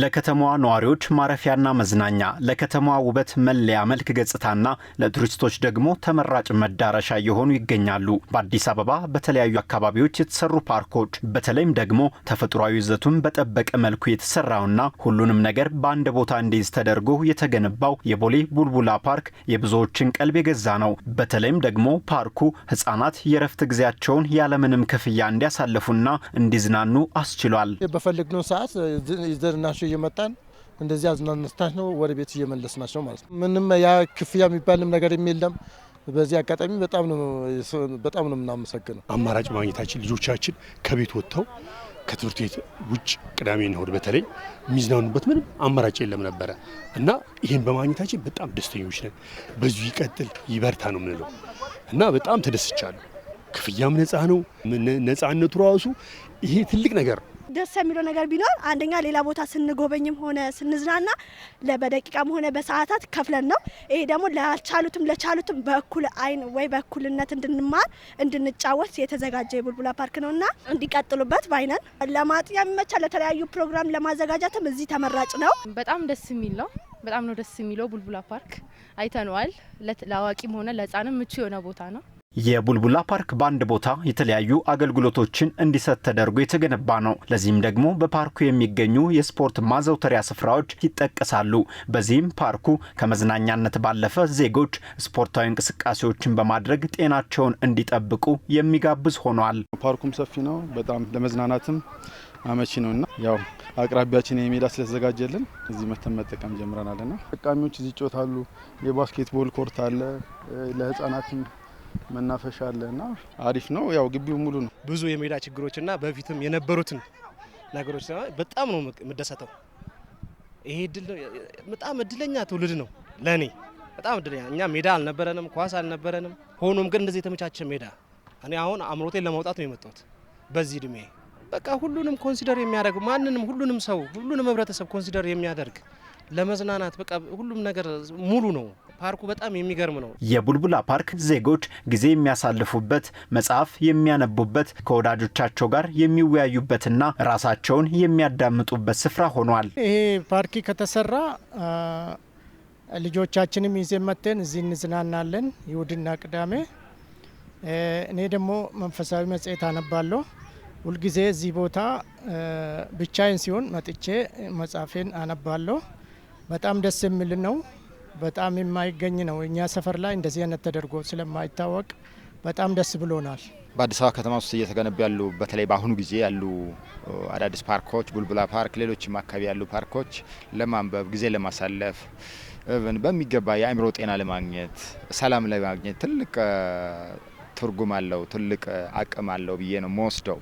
ለከተማዋ ነዋሪዎች ማረፊያና መዝናኛ፣ ለከተማዋ ውበት መለያ መልክ ገጽታና ለቱሪስቶች ደግሞ ተመራጭ መዳረሻ እየሆኑ ይገኛሉ። በአዲስ አበባ በተለያዩ አካባቢዎች የተሰሩ ፓርኮች፣ በተለይም ደግሞ ተፈጥሯዊ ይዘቱን በጠበቀ መልኩ የተሰራውና ሁሉንም ነገር በአንድ ቦታ እንዲይዝ ተደርጎ የተገነባው የቦሌ ቡልቡላ ፓርክ የብዙዎችን ቀልብ የገዛ ነው። በተለይም ደግሞ ፓርኩ ሕጻናት የረፍት ጊዜያቸውን ያለምንም ክፍያ እንዲያሳልፉና እንዲዝናኑ አስችሏል። ሰዓት ናቸው እየመጣን እንደዚህ አዝናንስታች ነው ወደ ቤት ናቸው ማለት ነው። ምንም ያ ክፍያ የሚባልም ነገር የለም። በዚህ አጋጣሚ በጣም ነው በጣም ነው የምናመሰግነው። አማራጭ ማግኘታችን ልጆቻችን ከቤት ወጥተው ከትምህርት ቤት ውጭ ቅዳሜና እሁድ በተለይ የሚዝናኑበት ምንም አማራጭ የለም ነበረ እና ይህን በማግኘታችን በጣም ደስተኞች ነን። በዚሁ ይቀጥል ይበርታ ነው የምንለው እና በጣም ተደስቻለሁ። ክፍያም ነፃ ነው። ነፃነቱ ራሱ ይሄ ትልቅ ነገር ነው። ደስ የሚለው ነገር ቢኖር አንደኛ ሌላ ቦታ ስንጎበኝም ሆነ ስንዝናና ለበደቂቃም ሆነ በሰዓታት ከፍለን ነው። ይሄ ደግሞ ላልቻሉትም ለቻሉትም በእኩል አይን ወይ በእኩልነት እንድንማር እንድንጫወት የተዘጋጀ የቡልቡላ ፓርክ ነው እና እንዲቀጥሉበት ባይነን ለማጥኛ የሚመቻል ለተለያዩ ፕሮግራም ለማዘጋጃትም እዚህ ተመራጭ ነው። በጣም ደስ የሚል ነው። በጣም ነው ደስ የሚለው ቡልቡላ ፓርክ አይተነዋል። ለአዋቂም ሆነ ለህፃንም ምቹ የሆነ ቦታ ነው። የቡልቡላ ፓርክ በአንድ ቦታ የተለያዩ አገልግሎቶችን እንዲሰጥ ተደርጎ የተገነባ ነው። ለዚህም ደግሞ በፓርኩ የሚገኙ የስፖርት ማዘውተሪያ ስፍራዎች ይጠቀሳሉ። በዚህም ፓርኩ ከመዝናኛነት ባለፈ ዜጎች ስፖርታዊ እንቅስቃሴዎችን በማድረግ ጤናቸውን እንዲጠብቁ የሚጋብዝ ሆኗል። ፓርኩም ሰፊ ነው፣ በጣም ለመዝናናትም አመቺ ነውና ያው አቅራቢያችን የሜዳ ስለተዘጋጀልን እዚህ መተን መጠቀም ጀምረናልና ተጠቃሚዎች እዚህ ይጫወታሉ። የባስኬትቦል ኮርት አለ ለህጻናትም መናፈሻ አለና አሪፍ ነው። ያው ግቢው ሙሉ ነው። ብዙ የሜዳ ችግሮችና በፊትም የነበሩትን ነገሮች በጣም ነው የምደሰተው። ይሄ ድል በጣም እድለኛ ትውልድ ነው ለእኔ በጣም እድለኛ። እኛ ሜዳ አልነበረንም፣ ኳስ አልነበረንም። ሆኖም ግን እንደዚህ የተመቻቸ ሜዳ እኔ አሁን አምሮቴን ለማውጣት ነው የመጣሁት በዚህ እድሜ በቃ ሁሉንም ኮንሲደር የሚያደርግ ማንንም ሁሉንም ሰው ሁሉንም ህብረተሰብ ኮንሲደር የሚያደርግ ለመዝናናት በቃ ሁሉም ነገር ሙሉ ነው። ፓርኩ በጣም የሚገርም ነው። የቡልቡላ ፓርክ ዜጎች ጊዜ የሚያሳልፉበት፣ መጽሐፍ የሚያነቡበት፣ ከወዳጆቻቸው ጋር የሚወያዩበትና ራሳቸውን የሚያዳምጡበት ስፍራ ሆኗል። ይሄ ፓርክ ከተሰራ ልጆቻችንም ይዜ መጥተን እዚህ እንዝናናለን ይሁድና ቅዳሜ። እኔ ደግሞ መንፈሳዊ መጽሔት አነባለሁ። ሁልጊዜ እዚህ ቦታ ብቻዬን ሲሆን መጥቼ መጽሐፌን አነባለሁ። በጣም ደስ የሚል ነው። በጣም የማይገኝ ነው። እኛ ሰፈር ላይ እንደዚህ አይነት ተደርጎ ስለማይታወቅ በጣም ደስ ብሎናል። በአዲስ አበባ ከተማ ውስጥ እየተገነቡ ያሉ በተለይ በአሁኑ ጊዜ ያሉ አዳዲስ ፓርኮች፣ ቡልቡላ ፓርክ፣ ሌሎችም አካባቢ ያሉ ፓርኮች ለማንበብ ጊዜ ለማሳለፍ እብን በሚገባ የአእምሮ ጤና ለማግኘት ሰላም ለማግኘት ትልቅ ትርጉም አለው፣ ትልቅ አቅም አለው ብዬ ነው መወስደው።